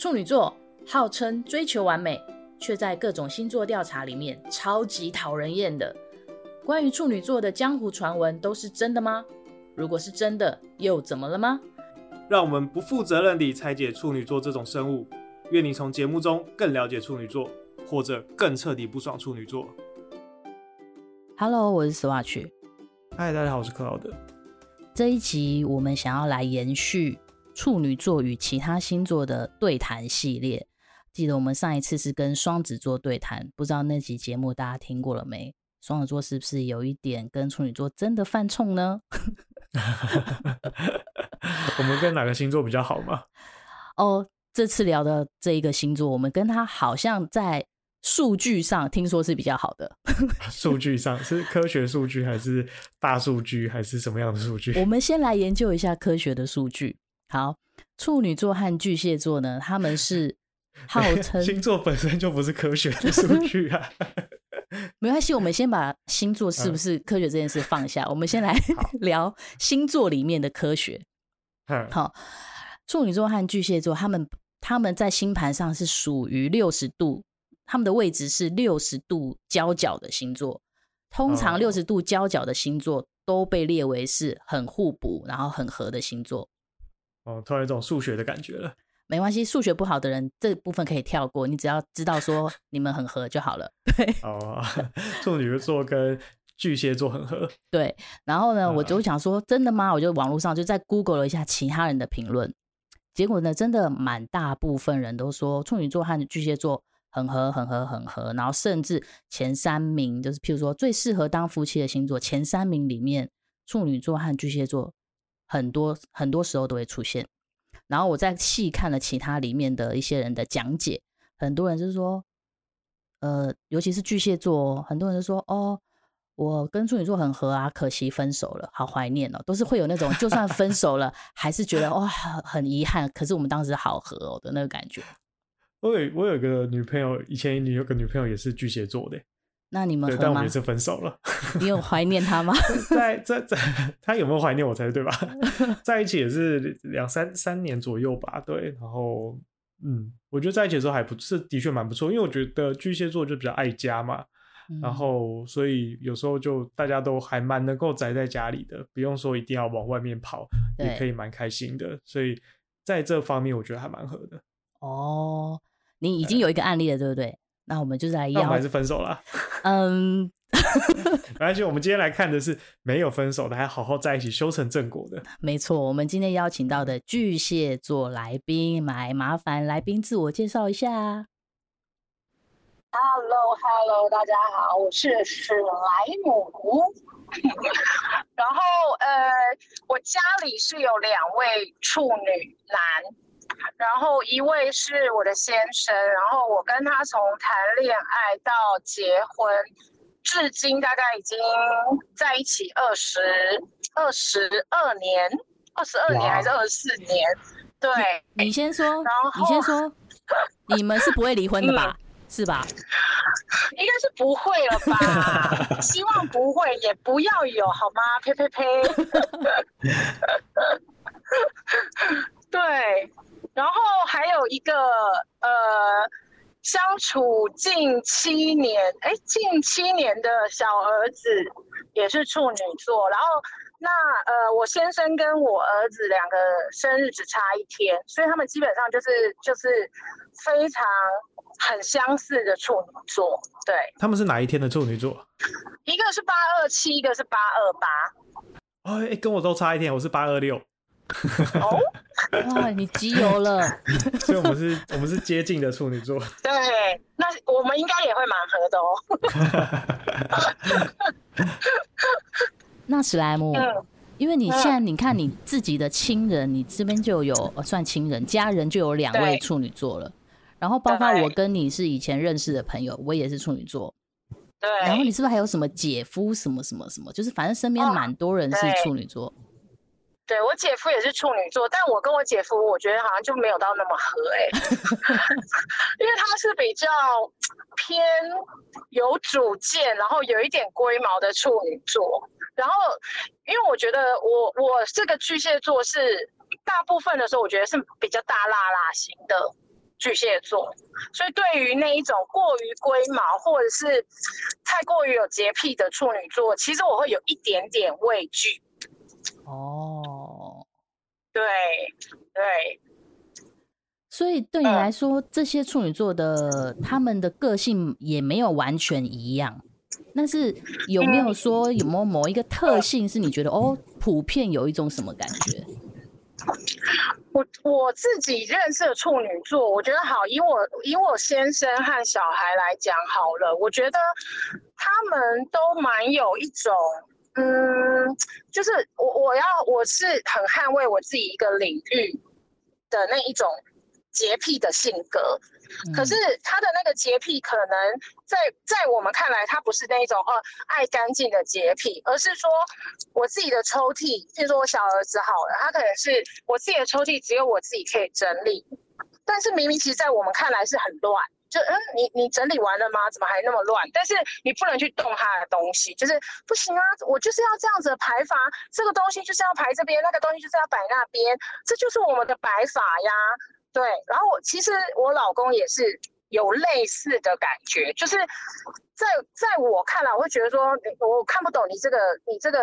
處女座號稱追求完美，卻在各種星座調查裡面超級討人厭的。關於處女座的江湖傳聞都是真的嗎？如果是真的，又怎麼了嗎？讓我們不負責任地拆解處女座這種生物。願你從節目中更了解處女座，或者更徹底不爽處女座。Hello，我是 Swatch。嗨，Hi，大家好，我是克勞德。這一集我們想要來延續，處女座與其他星座的對談系列，記得我們上一次是跟雙子座對談，不知道那集節目大家聽過了沒？雙子座是不是有一點跟處女座真的犯沖呢？ 我們跟哪個星座比較好嗎？哦，這次聊的這一個星座，我們跟他好像在數據上聽說是比較好的。數 據上是科學數據還是大數據還是什麼樣的數據？我們先來研究一下科學的數據。好，處女座和巨蟹座呢，他們是號稱 星座本身就不是科學，數據啊， 沒關係。我們先把星座是不是科學這件事放下，嗯、 我們先來 聊星座裡面的科學。嗯、好，處女座和巨蟹座，他們他們在星盤上是屬於六十度，他們的位置是六十度交角的星座。通常六十度交角的星座都被列為是很互補，然後很合的星座。哦，突然有一種數學的感覺了。沒關係，數學不好的人這部分可以跳過，你只要知道說你們很合就好了。 對，哦，處女座跟巨蟹座很合。對，然後呢，我就想說，真的嗎？我就網絡上就再 Google 了一下其他人的評論，結果呢，真的蠻大部分人都說處女座和巨蟹座很合、很合、很合。然後甚至前三名就是譬如說最適合當夫妻的星座前三名裡面，處女座和巨蟹座。很多很多時候都會出現，然後我再細看了其他裡面的一些人的講解，很多人就是說，呃，尤其是巨蟹座，很多人就說，哦，我跟處女座很合啊，可惜分手了，好懷念哦，都是會有那種就算分手了， 還是覺得哇、哦、很很遺憾，可是我們當時好合哦的那個感覺。我有、okay, 我有個女朋友，以前有個女朋友也是巨蟹座的。那你們合嗎？但我們也是分手了。你有懷念他嗎？ 在在在，他有沒有懷念我才是對吧？在一起也是兩三三年左右吧，對。然後，嗯，我覺得在一起的時候還不，是的確蠻不錯，因為我覺得巨蟹座就比較愛家嘛，嗯、然後所以有時候就大家都還蠻能夠宅在家裡的，不用說一定要往外面跑，對也可以蠻開心的。所以在這方面，我覺得還蠻合的。哦，你已經有一個案例了，對不、呃、對？對那我們就是來，那我們還是分手了啊。嗯，而且 我們今天來看的是沒有分手的，還好好在一起，修成正果的。沒錯，我們今天邀請到的巨蟹座來賓，來麻煩來賓自我介紹一下。Hello，Hello，hello, 大家好，我是史萊姆。 然後，呃，我家裡是有兩位處女男。然後一位是我的先生，然後我跟他從談戀愛到結婚，至今大概已經在一起二十二十二年，二十二年還是二十四年？Wow. 對你，你先說，然後你先說， 你們是不會離婚的吧？ 是吧？應該是不會了吧？ 希望不會，也不要有，好嗎？呸呸呸！ 對。然後還有一個呃相處近七年，誒，近七年的小兒子也是處女座。然後那呃，我先生跟我兒子兩個生日只差一天，所以他們基本上就是就是非常很相似的處女座。對，他們是哪一天的處女座？一個是八二七，一個是八二八。哎，跟我都差一天，我是八二六。哦，哇！你集郵了，所以我們是，我們是接近的處女座。對，那我們應該也會蠻合的哦。 那史萊姆，嗯、因為你現在你看你自己的親人，嗯、你這邊就有、呃、算親人家人就有兩位處女座了，對然後包括我跟你是以前認識的朋友，我也是處女座。對。然後你是不是還有什麼姐夫什麼什麼什麼？就是反正身邊蠻多人是處女座。對，我姐夫也是處女座，但我跟我姐夫，我覺得好像就沒有到那麼合哎、欸， 因為他是比較偏有主見，然後有一點龜毛的處女座。然後，因為我覺得我我這個巨蟹座是大部分的時候，我覺得是比較大剌剌型的巨蟹座，所以對於那一種過於龜毛或者是太過於有潔癖的處女座，其實我會有一點點畏懼哦。對，對。所以對你來說，嗯、這些處女座的他們的個性也沒有完全一樣。但是有沒有說，嗯、有沒有某一個特性是你覺得、嗯、哦，普遍有一種什麼感覺？我我自己認識的處女座，我覺得好，以我以我先生和小孩來講好了，我覺得他們都蠻有一種。嗯，就是我，我要我是很捍衛我自己一個領域的那一種潔癖的性格。嗯、可是他的那個潔癖，可能在在我們看來，他不是那一種哦、呃、愛乾淨的潔癖，而是說我自己的抽屜，比如說我小兒子，好了，他可能是我自己的抽屜只有我自己可以整理，但是明明其實，在我們看來是很亂。就嗯，你你整理完了嗎？怎麼還那麼亂？但是你不能去動他的東西，就是不行啊！我就是要這樣子的排法，這個東西就是要排這邊，那個東西就是要擺那邊，這就是我們的擺法呀。對，然後我其實我老公也是有類似的感覺，就是在在我看來，我會覺得說，我看不懂你這個你這個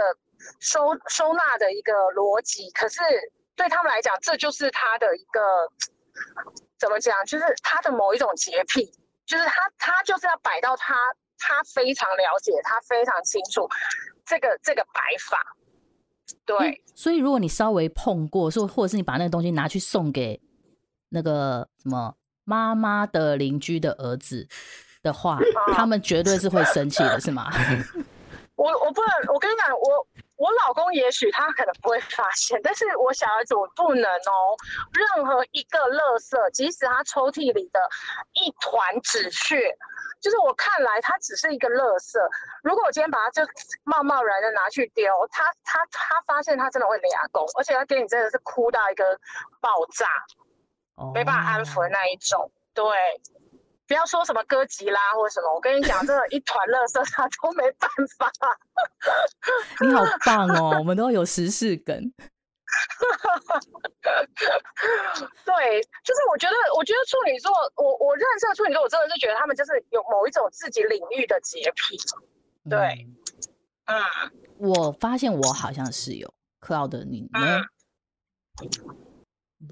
收收納的一個邏輯，可是對他們來講，這就是他的一個。怎麼講？就是他的某一種潔癖，就是他他就是要擺到他他非常了解，他非常清楚這個這個擺法。對。嗯，所以如果你稍微碰過，說或者是你把那個東西拿去送給那個什麼媽媽的鄰居的兒子的話，他們絕對是會生氣的，是嗎？ 我我不能，我跟你講，我。我老公也許他可能不會發現，但是我小孩子我不能哦、喔。任何一個垃圾，即使他抽屜裡的，一團紙屑，就是我看來它只是一個垃圾。如果我今天把它就冒冒然的拿去丟，他他他發現他真的會牙紅，而且他給你真的是哭到一個爆炸，oh. 沒辦法安撫的那一種，對。不要說什麼歌集啦，或什麼，我跟你講，這一團垃圾 他都沒辦法。 你好棒哦，我們都有十四根。 對，就是我覺得，我覺得處女座，我我認識處女座，我真的是覺得他們就是有某一種自己領域的潔癖。對，啊、嗯嗯、我發現我好像是有克勞德，你呢？嗯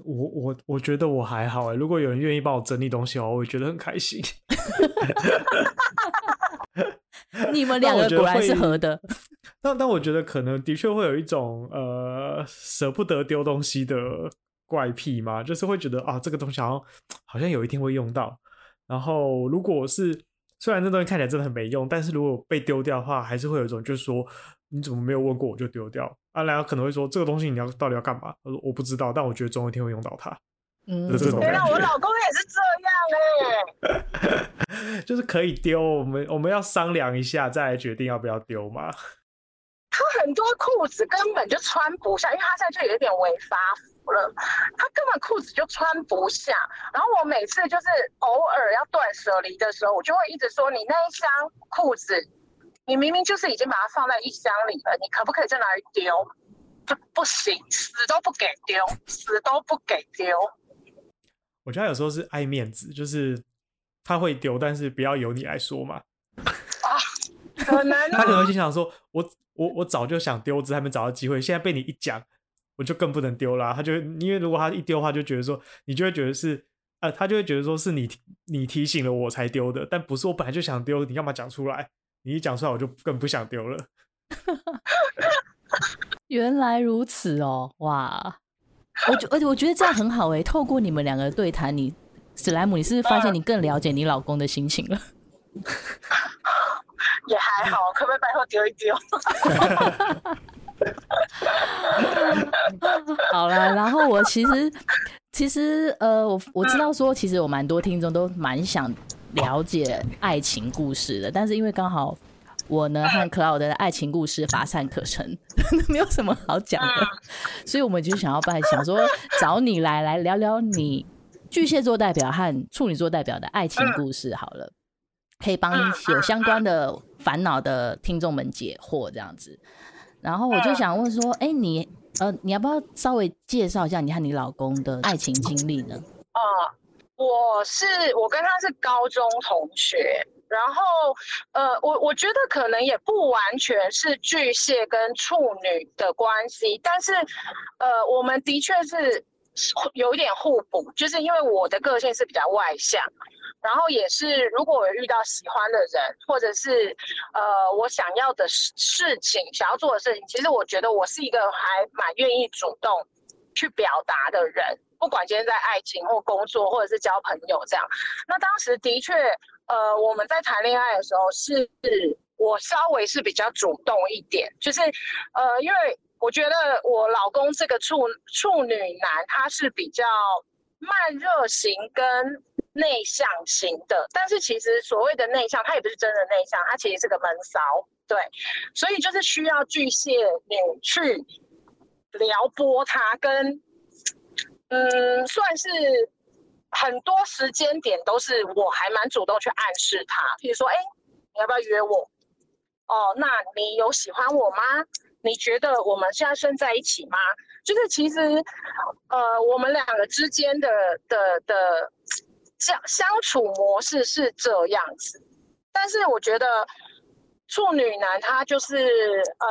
我我我覺得我還好哎，欸，如果有人願意幫我整理東西的話，我會覺得很開心。 你們兩個果然是合的。但但我覺得可能的確會有一種呃捨不得丟東西的怪癖嘛，就是會覺得啊這個東西好像好像有一天會用到。然後如果是雖然這東西看起來真的很沒用，但是如果被丟掉的話，還是會有一種就是說。你怎麼沒有問過我就丟掉？阿、啊、良可能會說：“這個東西你要到底要幹嘛？”他說：“我不知道，但我覺得總有一天會用到它。”嗯，就這種對了，我老公也是這樣哎、欸， 就是可以丟，我們我們要商量一下，再決定要不要丟嘛？他很多褲子根本就穿不下，因為他現在就有一點微發福了，他根本褲子就穿不下。然後我每次就是偶爾要斷舍離的時候，我就會一直說：“你那一箱褲子。”你明明就是已經把它放在一箱裡了，你可不可以再拿來丟？不，不行，死都不給丟，死都不給丟。我覺得他有時候是愛面子，就是他會丟，但是不要由你來說嘛。啊，可能。 他可能就想說，我我我早就想丟，只是還沒找到機會。現在被你一講，我就更不能丟啦啊。他就會，因為如果他一丟的話，就覺得說你就會覺得是呃，他就會覺得說是你你提醒了我才丟的，但不是我本來就想丟，你幹嘛講出來？你一講出來，我就更不想丟了。 原來如此哦、喔，哇！我覺而且我覺得這樣很好哎、欸。透過你們兩個對談，你史萊姆，你是不是發現你更了解你老公的心情了？啊、 也還好，可不可以背後丟一丟？ 好了，然後我其實其實呃，我我知道說，其實我蠻多聽眾都蠻想。了解愛情故事的，但是因為剛好我呢和 Cloud 的愛情故事乏善可陳， 沒有什麼好講的，所以我們就想要辦，想說找你來來聊聊你巨蟹座代表和處女座代表的愛情故事好了，可以幫有相關的煩惱的聽眾們解惑這樣子。然後我就想問說，哎、欸，你呃，你要不要稍微介紹一下你和你老公的愛情經歷呢？哦。我是我跟他是高中同學，然後呃，我我覺得可能也不完全是巨蟹跟處女的關係，但是呃，我們的確是有一點互補，就是因為我的個性是比較外向，然後也是如果我遇到喜歡的人，或者是呃我想要的事事情，想要做的事情，其實我覺得我是一個還蠻願意主動。去表達的人，不管現在在愛情或工作，或者是交朋友這樣。那當時的確，呃，我們在談戀愛的時候是，是我稍微是比較主動一點，就是，呃，因為我覺得我老公這個處處女男，他是比較慢熱型跟內向型的。但是其實所謂的內向，他也不是真的內向，他其實是個悶騷，對，所以就是需要巨蟹女去。撩撥他跟，跟嗯，算是很多時間點都是我還蠻主動去暗示他，比如說，哎、欸，你要不要約我？哦，那你有喜歡我嗎？你覺得我們現在算在一起嗎？就是其實，呃，我們兩個之間的的的相相處模式是這樣子，但是我覺得。處女男他就是呃，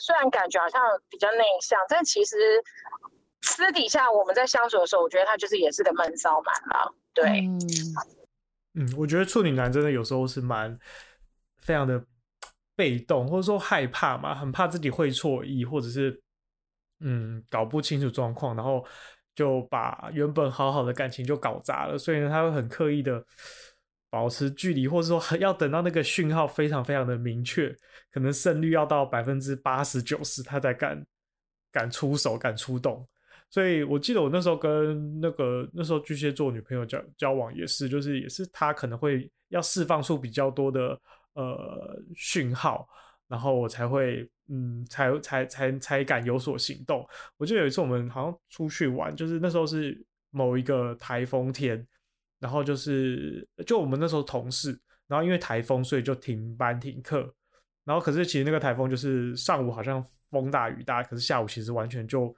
雖然感覺好像比較內向，但其實私底下我們在相處的時候，我覺得他就是也是個悶騷男嘛。對，嗯，我覺得處女男真的有時候是蠻非常的被動，或者說害怕嘛，很怕自己會錯意，或者是嗯搞不清楚狀況，然後就把原本好好的感情就搞砸了。所以呢，他會很刻意的。保持距離，或者說要等到那個訊號非常非常的明確，可能勝率要到百分之八十九十，他才敢敢出手，敢出動。所以我記得我那時候跟那個那時候巨蟹座女朋友交交往也是，就是也是他可能會要釋放出比較多的呃訊號，然後我才會嗯才才才才敢有所行動。我記得有一次我們好像出去玩，就是那時候是某一個颱風天。然後就是，就我們那時候同事，然後因為台風，所以就停班停課。然後可是其實那個台風就是上午好像風大雨大，可是下午其實完全就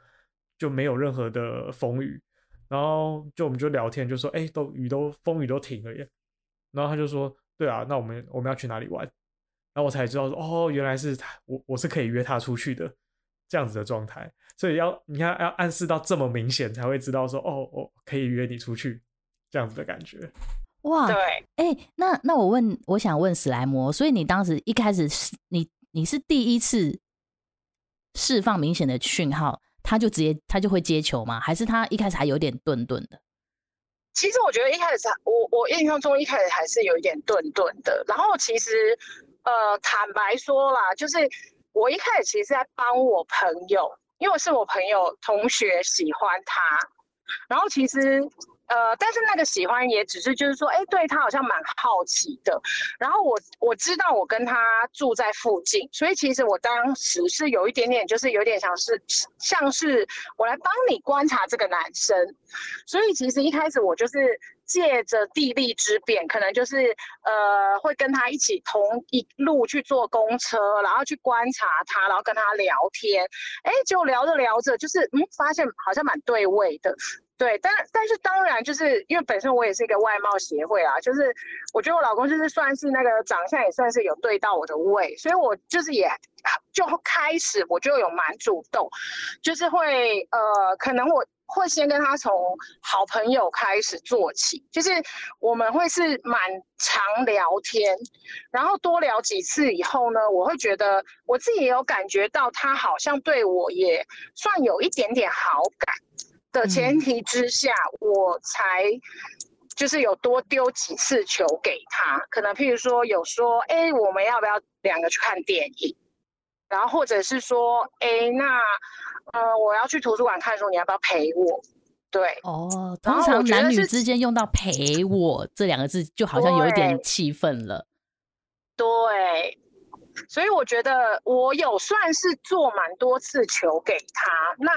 就沒有任何的風雨。然後就我們就聊天，就說：“哎，都雨都風雨都停了耶。”然後他就說：“對啊，那我們我們要去哪裡玩？”然後我才知道說：“哦，原來是他，我我是可以約他出去的這樣子的狀態。”所以要你看要暗示到這麼明顯才會知道說：“哦，哦，我可以約你出去。”這樣子的感覺，哇，對，哎、欸，那那我問，我想問史萊姆，所以你當時一開始是，你你是第一次釋放明顯的訊號，他就直接他就會接球嗎？還是他一開始還有點頓頓的？其實我覺得一開始我我印象中一開始還是有一點頓頓的。然後其實呃，坦白說啦，就是我一開始其實是在幫我朋友，因為是我朋友同學喜歡他，然後其實。呃，但是那個喜歡也只是就是說，哎、欸，對他好像蠻好奇的。然後我我知道我跟他住在附近，所以其實我當時是有一點點，就是有點像是像是我來幫你觀察這個男生。所以其實一開始我就是借着地利之便，可能就是呃會跟他一起同一路去坐公車，然後去觀察他，然後跟他聊天。哎、欸，就聊着聊着，就是嗯，發現好像蠻對味的。對，但但是當然，就是因為本身我也是一個外貌協會啊，就是我覺得我老公就是算是那個長相，也算是有對到我的胃。所以我就是也就開始我就有蠻主動，就是會呃，可能我會先跟他從好朋友開始做起，就是我們會是蠻常聊天，然後多聊幾次以後呢，我會覺得我自己也有感覺到他好像對我也算有一點點好感，的前提之下，嗯、我才就是有多丟幾次球給他，可能譬如說有說，哎，我們要不要兩個去看電影？然後或者是說，哎，那呃，我要去圖書館看書，你要不要陪我？對，哦，通常男女之間用到“陪我”對這兩個字，就好像有一點氣氛了。對，所以我覺得我有算是做蠻多次球給他那。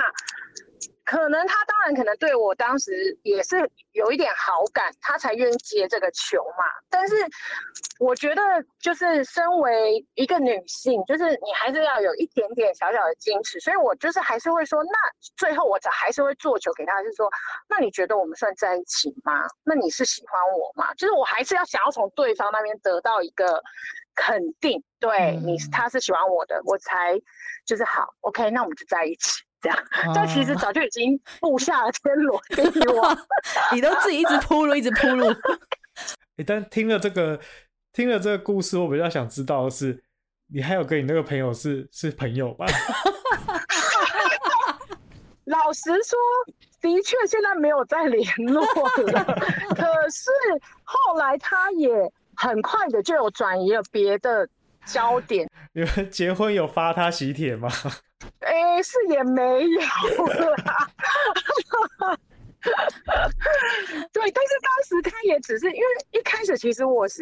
可能他當然可能對我當時也是有一點好感，他才願意接這個球嘛。但是我覺得就是身為一個女性，就是你還是要有一點點小小的矜持。所以，我就是還是會說，那最後我才還是會做球給他，就是說，那你覺得我們算在一起嗎？那你是喜歡我嗎？就是我還是要想要從對方那邊得到一個肯定，對、嗯、你，他是喜歡我的，我才就是好，OK，那我們就在一起。這樣，但、啊、其實早就已經佈下了天羅地網， 你都自己一直鋪路，一直鋪路、欸。但聽了這個，聽了這個故事，我比較想知道的是，你還有跟你那個朋友是是朋友吧？老實說，的確現在沒有再聯絡了 可是後來他也很快的就有轉移了別的焦點。你們結婚有發他喜帖嗎？哎、欸，是也沒有啦， 對，但是當時他也只是因為一開始其實我是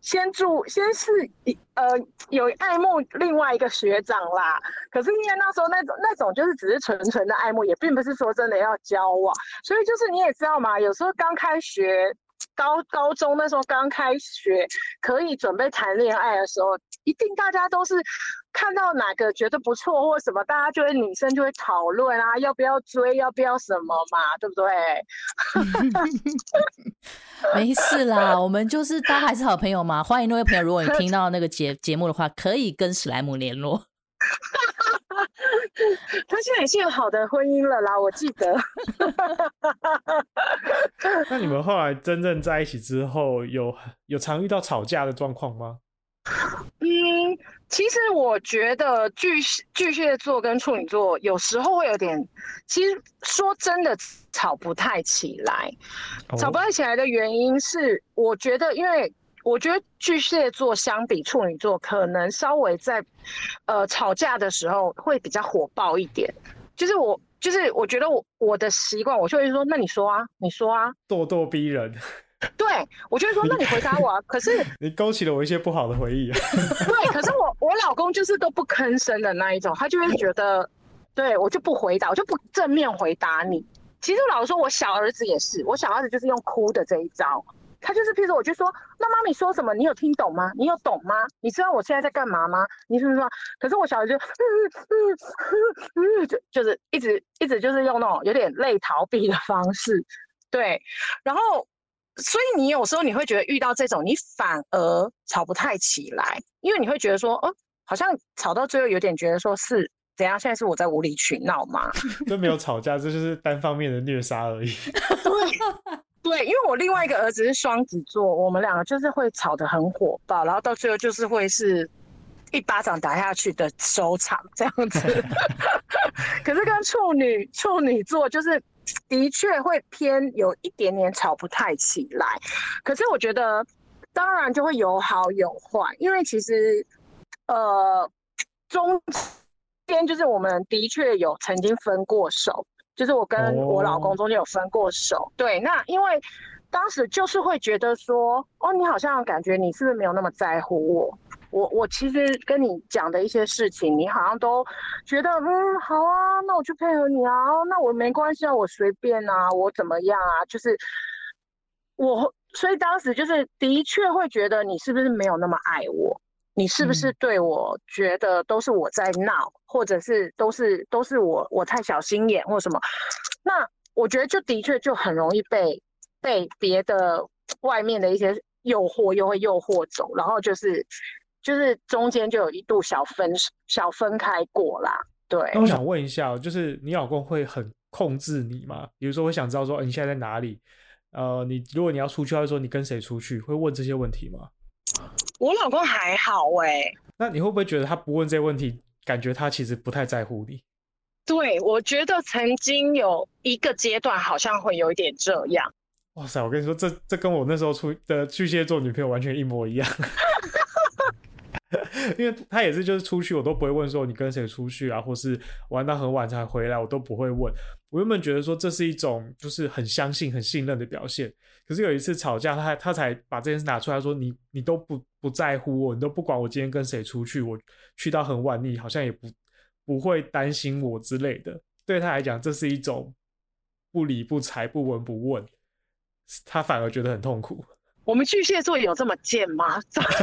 先住，先是一呃有愛慕另外一個學長啦，可是因為那時候那種那種就是只是純純的愛慕，也並不是說真的要交往，所以就是你也知道嘛，有時候剛開學。高高中那時候剛開學，可以準備談戀愛的時候，一定大家都是看到哪個覺得不錯或什麼，大家就會女生就會討論啊，要不要追，要不要什麼嘛，對不對？沒事啦，我們就是大家還是好朋友嘛。歡迎那位朋友，如果你聽到那個節 節目的話，可以跟史萊姆聯絡。他現在已經有好的婚姻了啦，我記得。 那你們後來真正在一起之後，有有常遇到吵架的狀況嗎？嗯，其實我覺得巨巨蟹座跟處女座有時候會有點，其實說真的吵不太起來。哦、吵不太起來的原因是，我覺得因為。我覺得巨蟹座相比處女座，可能稍微在，呃，吵架的時候會比較火爆一點。就是我，就是我覺得我我的習慣，我就會說，那你說啊，你說啊，咄咄逼人。對，我就會說，那你回答我啊。你可是你勾起了我一些不好的回憶。 對，可是我我老公就是都不吭聲的那一種，他就會覺得，對我就不回答，我就不正面回答你。其實我老實說，我小兒子也是，我小兒子就是用哭的這一招。他就是，譬如說我，就說，那媽咪說什麼，你有聽懂嗎？你有懂嗎？你知道我現在在幹嘛嗎？你是不是？可是我小孩就，嗯嗯嗯嗯，就就是一直一直就是用那種有點累逃避的方式，對。然後，所以你有時候你會覺得遇到這種，你反而吵不太起來，因為你會覺得說，哦、呃，好像吵到最後有點覺得說是怎樣，現在是我在無理取鬧嗎？都沒有吵架， 這就是單方面的虐殺而已。 對。對，因為我另外一個兒子是雙子座，我們兩個就是會吵得很火爆，然後到最後就是會是一巴掌打下去的收場這樣子。 可是跟處女處女座就是的確會偏有一點點吵不太起來。可是我覺得當然就會有好有壞，因為其實呃中間就是我們的確有曾經分過手。就是我跟我老公中間有分過手。Oh. 對，那因為當時就是會覺得說，哦，你好像感覺你是不是沒有那麼在乎我？我我其實跟你講的一些事情，你好像都覺得，嗯，好啊，那我去配合你啊，那我沒關係啊，我隨便啊，我怎麼樣啊？就是我，所以當時就是的確會覺得你是不是沒有那麼愛我。你是不是對我覺得都是我在鬧？嗯、或者是都是都是我我太小心眼或什麼？那我覺得就的確就很容易被被別的外面的一些誘惑又會誘惑走，然後就是就是中間就有一度小分小分開過啦。對，那我想問一下，就是你老公會很控制你嗎？比如說，我想知道說、欸，你現在在哪裡？呃，你如果你要出去，他會說你跟誰出去？會問這些問題嗎？我老公還好哎、欸，那你會不會覺得他不問這些問題，感覺他其實不太在乎你？對，我覺得曾經有一個階段，好像會有一點這樣。哇塞，我跟你說，這這跟我那時候出的巨蟹座女朋友完全一模一樣， 因為他也是就是出去我都不會問說你跟誰出去啊，或是玩到很晚才回來我都不會問。我原本覺得說這是一種就是很相信、很信任的表現，可是有一次吵架，他他才把這件事拿出來說你，你你都不。不在乎我，你都不管我今天跟誰出去，我去到很晚，你好像也不不會擔心我之類的。對他來講，這是一種不理不睬、不聞不問，他反而覺得很痛苦。我們巨蟹座有這麼賤嗎？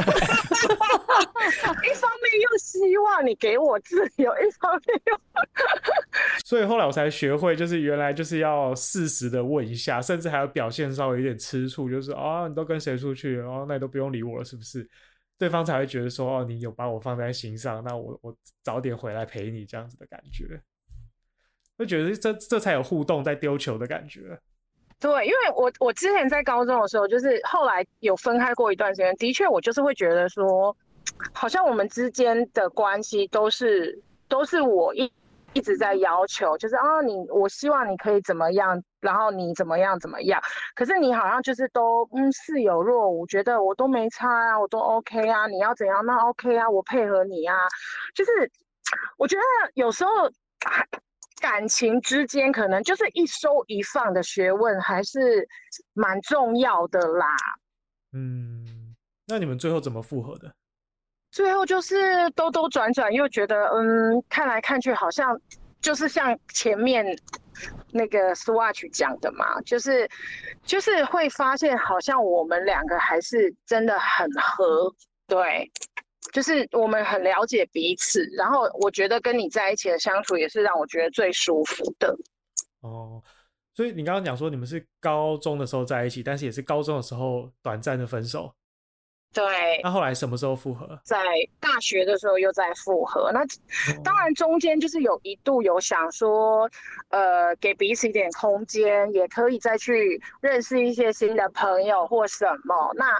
一方面又希望你給我自由，一方面又…… 所以後來我才學會，就是原來就是要適時的問一下，甚至還要表現稍微有點吃醋，就是啊、哦，你都跟誰出去？然後、哦、那你都不用理我了，是不是？對方才會覺得說哦，你有把我放在心上，那我我早點回來陪你這樣子的感覺，會覺得這這才有互動，在丟球的感覺。對，因為我我之前在高中的時候，就是後來有分開過一段時間，的確，我就是會覺得說，好像我們之間的關係都是都是我一一直在要求，就是啊，你我希望你可以怎麼樣，然後你怎麼樣怎麼樣，可是你好像就是都嗯似有若無，我覺得我都沒差啊，我都 OK 啊，你要怎樣那 OK 啊，我配合你啊，就是我覺得有時候。啊感情之間可能就是一收一放的學問，還是蠻重要的啦。嗯，那你們最後怎麼復合的？最後就是兜兜轉轉，又覺得嗯，看來看去好像就是像前面那個 Swatch 講的嘛，就是就是會發現好像我們兩個還是真的很合，對。就是我們很了解彼此，然後我覺得跟你在一起的相處也是讓我覺得最舒服的。哦，所以你剛剛講說你們是高中的時候在一起，但是也是高中的時候短暫的分手。對，那、啊、後來什麼時候復合？在大學的時候又再復合。那當然中間就是有一度有想說，哦、呃，給彼此一點空間，也可以再去認識一些新的朋友或什麼。那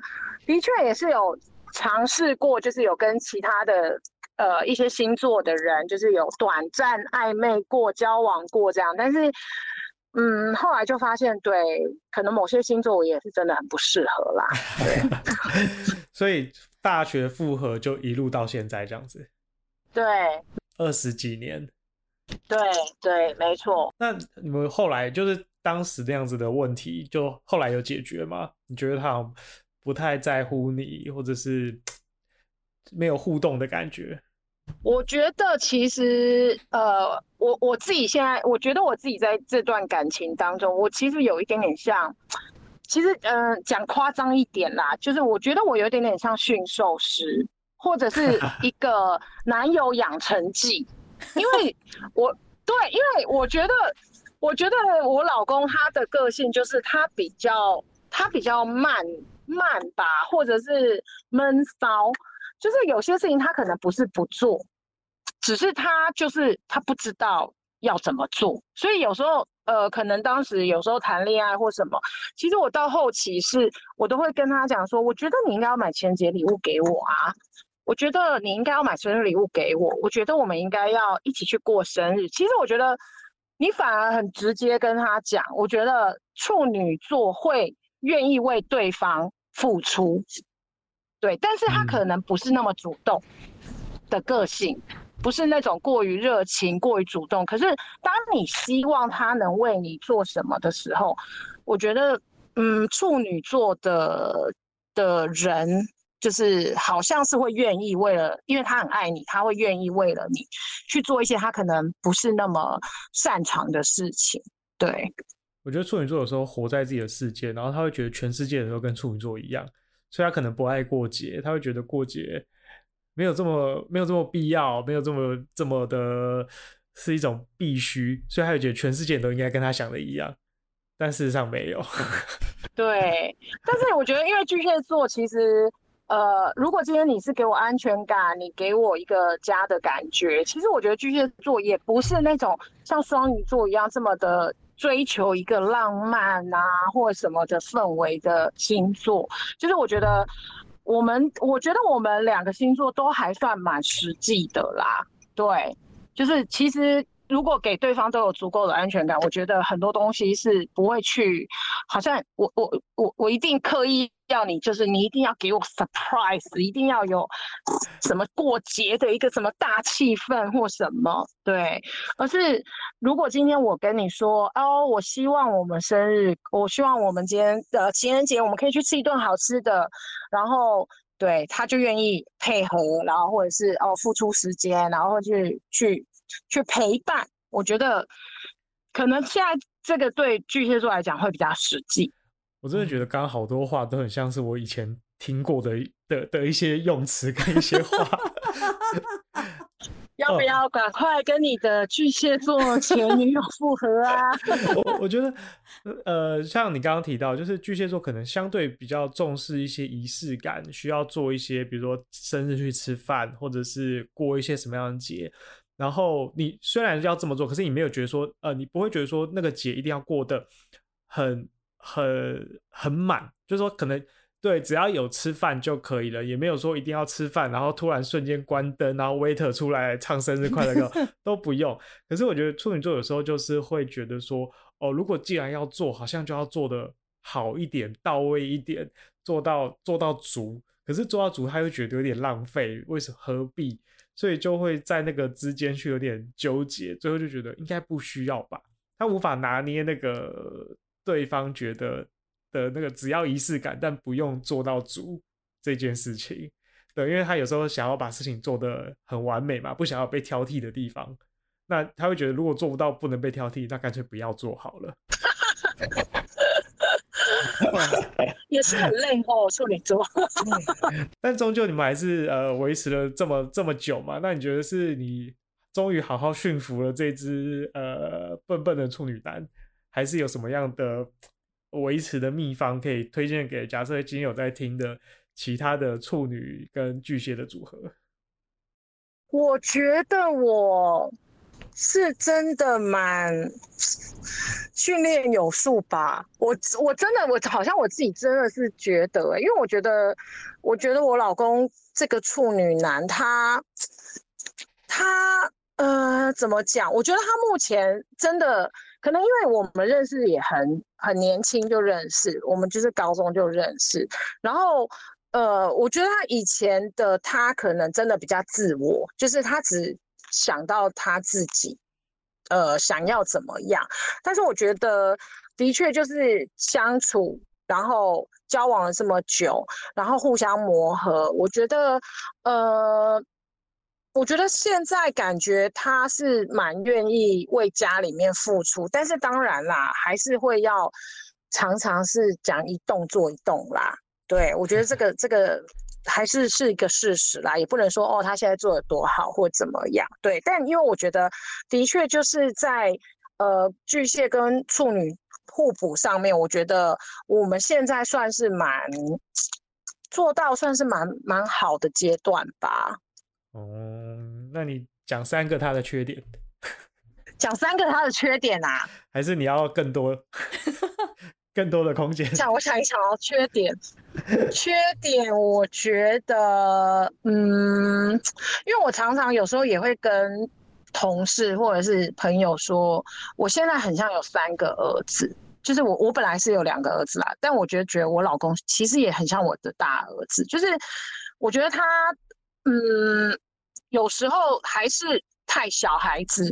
的確也是有。嘗試過，就是有跟其他的呃、一些星座的人，就是有短暫曖昧過、交往過這樣，但是嗯，後來就發現，對，可能某些星座我也是真的很不適合啦。對， 所以大學復合就一路到現在這樣子。對。二十幾年。對對，沒錯。那你們後來就是當時那樣子的問題，就後來有解決嗎？你覺得他不太在乎你，或者是沒有互動的感覺。我覺得其實，呃，我我自己現在，我覺得我自己在這段感情當中，我其實有一點點像，其實，嗯、呃，講誇張一點啦，就是我覺得我有一點點像馴獸師，或者是一個男友養成記， 因為我對，因為我覺得，我覺得我老公他的個性就是他比較，他比較慢。慢吧，或者是悶騷，就是有些事情他可能不是不做，只是他就是他不知道要怎麼做。所以有時候，呃，可能當時有時候談戀愛或什麼，其實我到後期是我都會跟他講說，我覺得你應該要買情人節禮物給我啊，我覺得你應該要買生日禮物給我，我覺得我們應該要一起去過生日。其實我覺得你反而很直接跟他講，我覺得處女座會。願意為對方付出，對，但是他可能不是那麼主動的個性，嗯、不是那種過於熱情、過於主動。可是，當你希望他能為你做什麼的時候，我覺得，嗯，處女座的的人，就是好像是會願意為了，因為他很愛你，他會願意為了你去做一些他可能不是那麼擅長的事情，對。我覺得處女座有時候活在自己的世界，然後他會覺得全世界的人都跟處女座一樣，所以他可能不愛過節，他會覺得過節沒有這麼沒有這麼必要，沒有這麼這麼的是一種必須，所以他就覺得全世界都應該跟他想的一樣，但事實上沒有。對， 但是我覺得，因為巨蟹座其實，呃，如果今天你是給我安全感，你給我一個家的感覺，其實我覺得巨蟹座也不是那種像雙魚座一樣這麼的。追求一個浪漫啊，或什麼的氛圍的星座，就是我覺得我們，我覺得我們兩個星座都還算蠻實際的啦。對，就是其實。如果給對方都有足夠的安全感，我覺得很多東西是不會去，好像我我我我一定刻意要你，就是你一定要給我 surprise，一定要有什麼過節的一個什麼大氣氛，或什麼，對。而是如果今天我跟你說，哦，我希望我們生日，我希望我們今天的、呃、情人節，我們可以去吃一頓好吃的，然後對，他就願意配合，然後或者是哦付出時間，然後去去。去陪伴，我覺得可能現在這個對巨蟹座來講會比較實際。我真的覺得剛剛好多話都很像是我以前聽過的的的一些用詞跟一些話。 要不要趕快跟你的巨蟹座前女友復合啊？ 我我覺得，呃，像你剛剛提到，就是巨蟹座可能相對比較重視一些儀式感，需要做一些，比如說生日去吃飯，或者是過一些什麼樣的節。然後你雖然要這麼做，可是你沒有覺得說，呃，你不會覺得說那個節一定要過得很很很滿，就是說可能對，只要有吃飯就可以了，也沒有說一定要吃飯，然後突然瞬間關燈，然後 waiter 出來唱生日快樂歌都不用。 可是我覺得處女座有時候就是會覺得說，哦，如果既然要做，好像就要做的好一點，到位一點，做到做到足。可是做到足，他又覺得有點浪費，為什麼何必？所以就會在那個之間去有點糾結，最後就覺得應該不需要吧。他無法拿捏那個對方覺得的那個只要儀式感，但不用做到主這件事情。對，因為他有時候想要把事情做得很完美嘛，不想要被挑剔的地方，那他會覺得如果做不到不能被挑剔，那乾脆不要做好了。 也是很累哦，處女座。 但終究你們還是呃維持了這麼這麼久嘛？那你覺得是你終於好好馴服了這隻呃笨笨的處女蛋，還是有什麼樣的維持的秘方可以推薦給假設今天有在聽的其他的處女跟巨蟹的組合？我覺得我。是真的蠻訓練有素吧？我我真的我好像我自己真的是覺得，欸，因為我覺得，我覺得我老公這個處女男，他他呃，怎麼講？我覺得他目前真的可能，因為我們認識也很很年輕就認識，我們就是高中就認識。然後呃，我覺得他以前的他可能真的比較自我，就是他只。想到他自己，呃，想要怎麼樣？但是我覺得，的確就是相處，然後交往了這麼久，然後互相磨合。我覺得，呃，我覺得現在感覺他是蠻願意為家裡面付出，但是當然啦，還是會要常常是講一動做一動啦。對，我覺得這個、嗯、這個。還是是一個事實啦，也不能說哦，他現在做得多好或怎麼樣，對。但因為我覺得，的確就是在呃巨蟹跟處女互補上面，我覺得我們現在算是蠻做到算是蠻蠻好的階段吧。哦、嗯，那你講三個他的缺點， 講三個他的缺點啊，還是你要更多？ 更多的空間。我想一想哦，缺點， 缺點我覺得，嗯，因為我常常有時候也會跟同事或者是朋友說，我現在很像有三個兒子，就是我我本來是有兩個兒子啦，但我覺得覺得我老公其實也很像我的大兒子，就是我覺得他，嗯，有時候還是太小孩子，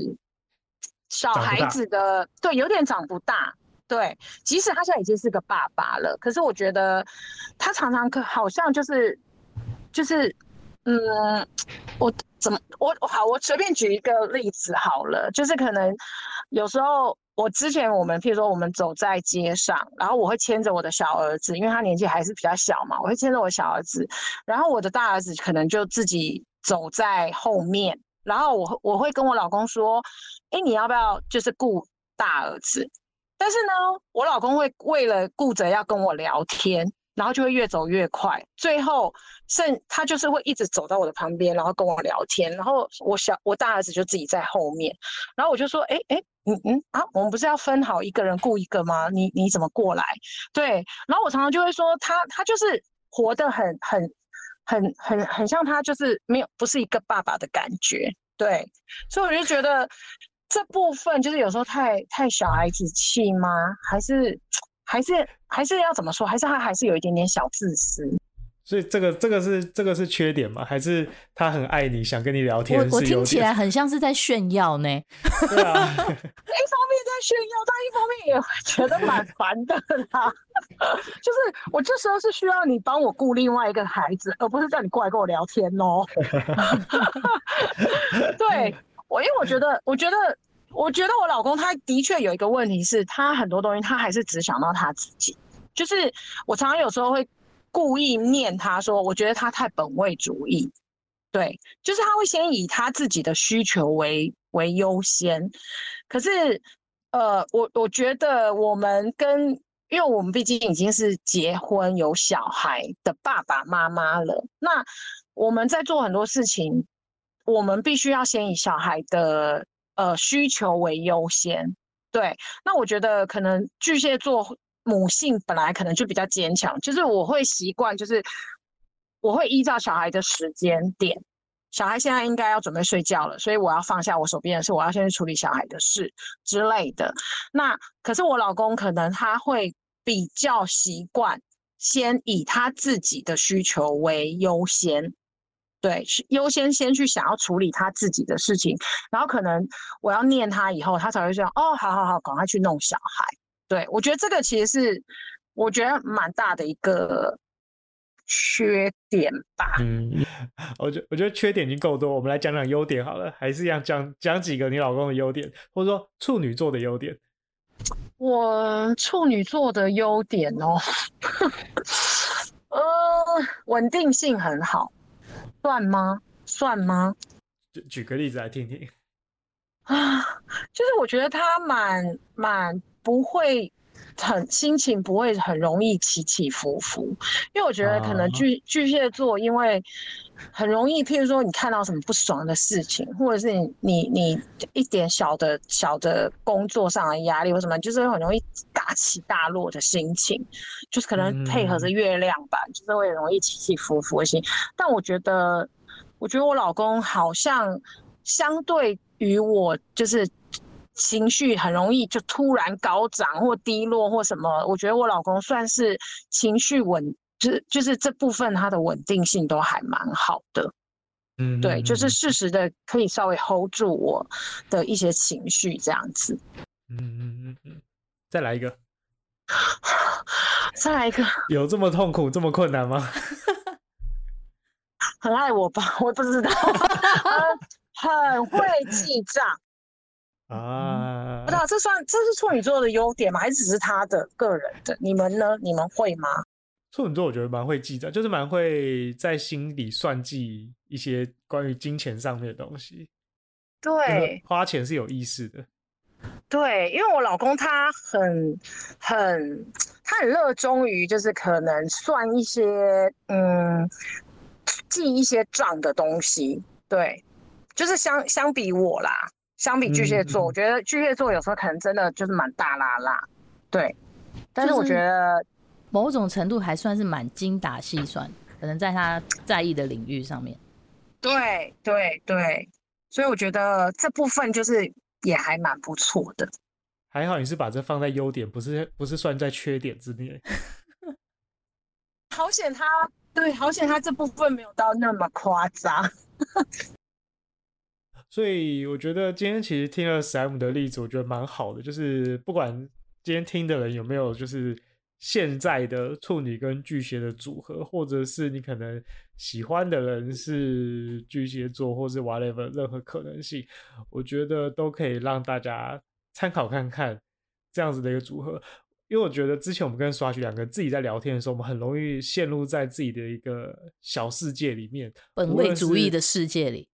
小孩子的，的對，有點長不大。對，即使他現在已經是個爸爸了，可是我覺得他常常可好像就是就是，嗯，我怎麼我好我隨便舉一個例子好了，就是可能有時候我之前我們譬如說我們走在街上，然後我會牽着我的小兒子，因為他年紀還是比較小嘛，我會牽着我的小兒子，然後我的大兒子可能就自己走在後面，然後我我會跟我老公說，哎，你要不要就是顧大兒子？但是呢，我老公會為了顧着要跟我聊天，然後就會越走越快，最後甚他就是會一直走到我的旁邊，然後跟我聊天，然後我小我大兒子就自己在後面，然後我就說，哎哎，嗯嗯啊，我們不是要分好一個人顧一個嗎？你你怎麼過來？對，然後我常常就會說，他他就是活得很很很很很像他就是沒有不是一個爸爸的感覺，對，所以我就覺得。這部分就是有時候太太小孩子氣嗎？還是還是還是要怎麼說？還是他還是有一點點小自私？所以這個這個是這個是缺點嗎？還是他很愛你，想跟你聊天是有？我我聽起來很像是在炫耀呢。 對啊， 一方面在炫耀，但一方面也覺得蠻煩的啦。 就是我這時候是需要你幫我顧另外一個孩子，而不是叫你過來跟我聊天哦。 對。我因為我覺得，我覺得，我覺得我老公他的確有一個問題是，他很多東西他還是只想到他自己。就是我常常有時候會故意念他說，我覺得他太本位主義。對，就是他會先以他自己的需求為為優先。可是，呃，我我覺得我們跟，因為我們畢竟已經是結婚有小孩的爸爸媽媽了，那我們在做很多事情。我們必須要先以小孩的呃需求為優先，對。那我覺得可能巨蟹座母性本來可能就比較堅強，就是我會習慣，就是我會依照小孩的時間點，小孩現在應該要準備睡覺了，所以我要放下我手邊的事，我要先去處理小孩的事之類的。那可是我老公可能他會比較習慣先以他自己的需求為優先。對，優先先去想要處理他自己的事情，然後可能我要念他以後，他才會說哦，好好好，趕快去弄小孩。對，我覺得這個其實是我覺得蠻大的一個缺點吧。嗯，我覺我覺得缺點已經夠多，我們來講講優點好了，還是一樣講講幾個你老公的優點，或者說處女座的優點。我處女座的優點哦， 呃，穩定性很好。算嗎？算嗎？舉舉個例子來聽聽啊，就是我覺得他蠻蠻不會。很心情不會很容易起起伏伏，因為我覺得可能巨、啊、巨蟹座因為很容易，譬如說你看到什麼不爽的事情，或者是你你你一點小的小的工作上的壓力或什麼，就是很容易大起大落的心情，就是可能配合着月亮吧，嗯、就是會容易起起伏伏的心。但我覺得，我覺得我老公好像相對於我就是。情緒很容易就突然高漲或低落或什麼，我覺得我老公算是情緒穩，就是就是這部分他的穩定性都還蠻好的。嗯，對，嗯、就是適時的可以稍微 hold 住我的一些情緒這樣子。嗯嗯嗯嗯，再來一個， 再來一個，有這麼痛苦這麼困難嗎？ 很愛我吧，我不知道， 很，很會記賬。啊、嗯，不知道這算這是處女座的優點嗎？還是只是他的個人的？你們呢？你們會嗎？處女座我覺得蠻會記賬，就是蠻會在心裡算計一些關於金錢上面的東西。對，花錢是有意思的。對，因為我老公他很很他很熱衷於就是可能算一些嗯記一些賬的東西。對，就是相相比我啦。相比巨蟹座，嗯嗯、我覺得巨蟹座有時候可能真的就是蠻大剌剌，對。但是我覺得某種程度還算是蠻精打細算，可能在他在意的領域上面。對對對，所以我覺得這部分就是也還蠻不錯的。還好你是把這放在優點，不是不是算在缺點之內 好險他，對，好險他這部分沒有到那麼誇張。 所以我覺得今天其實聽了史萊姆的例子，我覺得蠻好的。就是不管今天聽的人有沒有，就是現在的處女跟巨蟹的組合，或者是你可能喜歡的人是巨蟹座，或是 whatever，任何可能性，我覺得都可以讓大家參考看看這樣子的一個組合。因為我覺得之前我們跟刷劇兩個自己在聊天的時候，我們很容易陷入在自己的一個小世界裡面，本位主義的世界裡。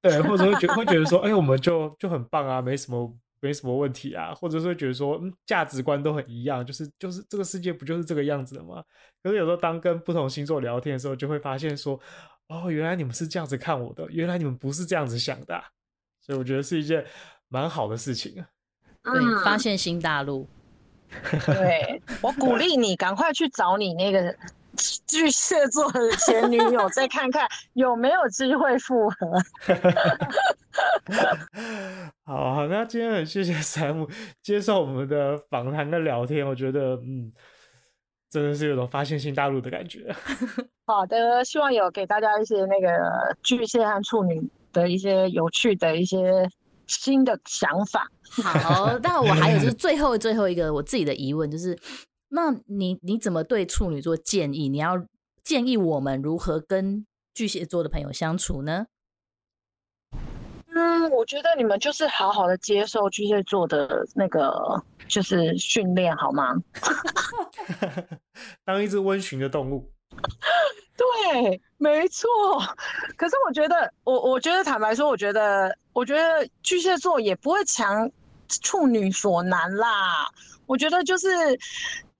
對，或者會覺會覺得說，哎，我們就就很棒啊，沒什麼，沒什麼問題啊，或者是會覺得說，嗯，價值觀都很一樣，就是就是這個世界不就是這個樣子的嗎？可是有時候當跟不同星座聊天的時候，就會發現說，哦，原來你們是這樣子看我的，原來你們不是這樣子想的啊，所以我覺得是一件蠻好的事情啊。嗯，發現新大陸。對， 我鼓勵你， 趕快去找你那個巨蟹座的前女友，再看看有沒有機會復合。好，那今天很謝謝山姆接受我們的訪談的聊天。我覺得，嗯，真的是有種發現新大陸的感覺。好的，希望有給大家一些那個巨蟹和處女的一些有趣的一些新的想法。好， 但我還有就是最後最後一個我自己的疑問就是。那你你怎麼對處女座建議？你要建議我們如何跟巨蟹座的朋友相處呢？嗯，我覺得你們就是好好的接受巨蟹座的那個就是訓練，好嗎？ 當一隻溫馴的動物。 對，沒錯。可是我覺得，我我覺得坦白說，我覺得，我覺得巨蟹座也不會強處女所難啦。我覺得就是。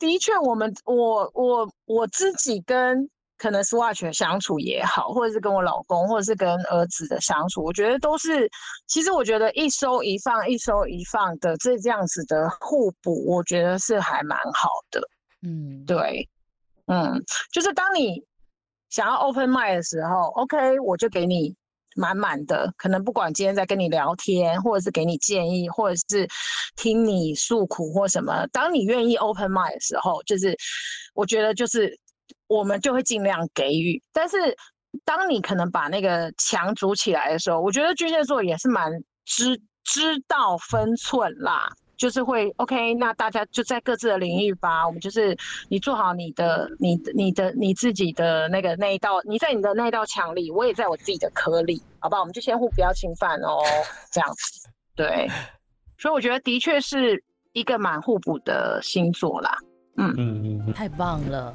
的確，我們我我我自己跟可能 Swatch 的相處也好，或者是跟我老公，或者是跟兒子的相處，我覺得都是，其實我覺得一收一放，一收一放的這這樣子的互補，我覺得是還蠻好的。嗯，對，嗯，就是當你想要 open mind 的時候，OK，我就給你。滿滿的，可能不管今天在跟你聊天，或者是給你建議，或者是聽你訴苦或什麼，當你願意 open mind 的時候，就是我覺得就是我們就會盡量給予。但是當你可能把那個牆築起來的時候，我覺得巨蟹座也是蠻知知道分寸啦。就是會，OK，那大家就在各自的領域吧。我們就是你做好你的、你、你的、你自己的那個那一道，你在你的那一道牆裡，我也在我自己的顆粒，好不好？我們就先互不要侵犯哦， 這樣子。對，所以我覺得的確是一個蠻互補的星座啦。嗯嗯嗯，太棒了。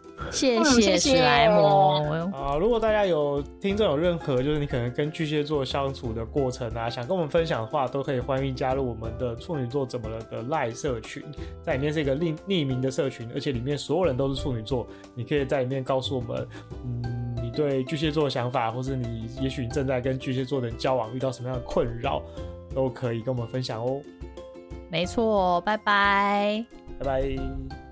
謝謝、嗯、謝謝史萊姆啊、呃！如果大家有聽眾有任何，就是你可能跟巨蟹座相處的過程啊，想跟我們分享的話，都可以歡迎加入我們的處女座怎麼了的賴社群，在裡面是一個匿匿名的社群，而且裡面所有人都是處女座，你可以在裡面告訴我們，嗯，你對巨蟹座的想法，或者你也許你正在跟巨蟹座的人交往遇到什麼樣的困擾，都可以跟我們分享哦。沒錯，拜拜，拜拜。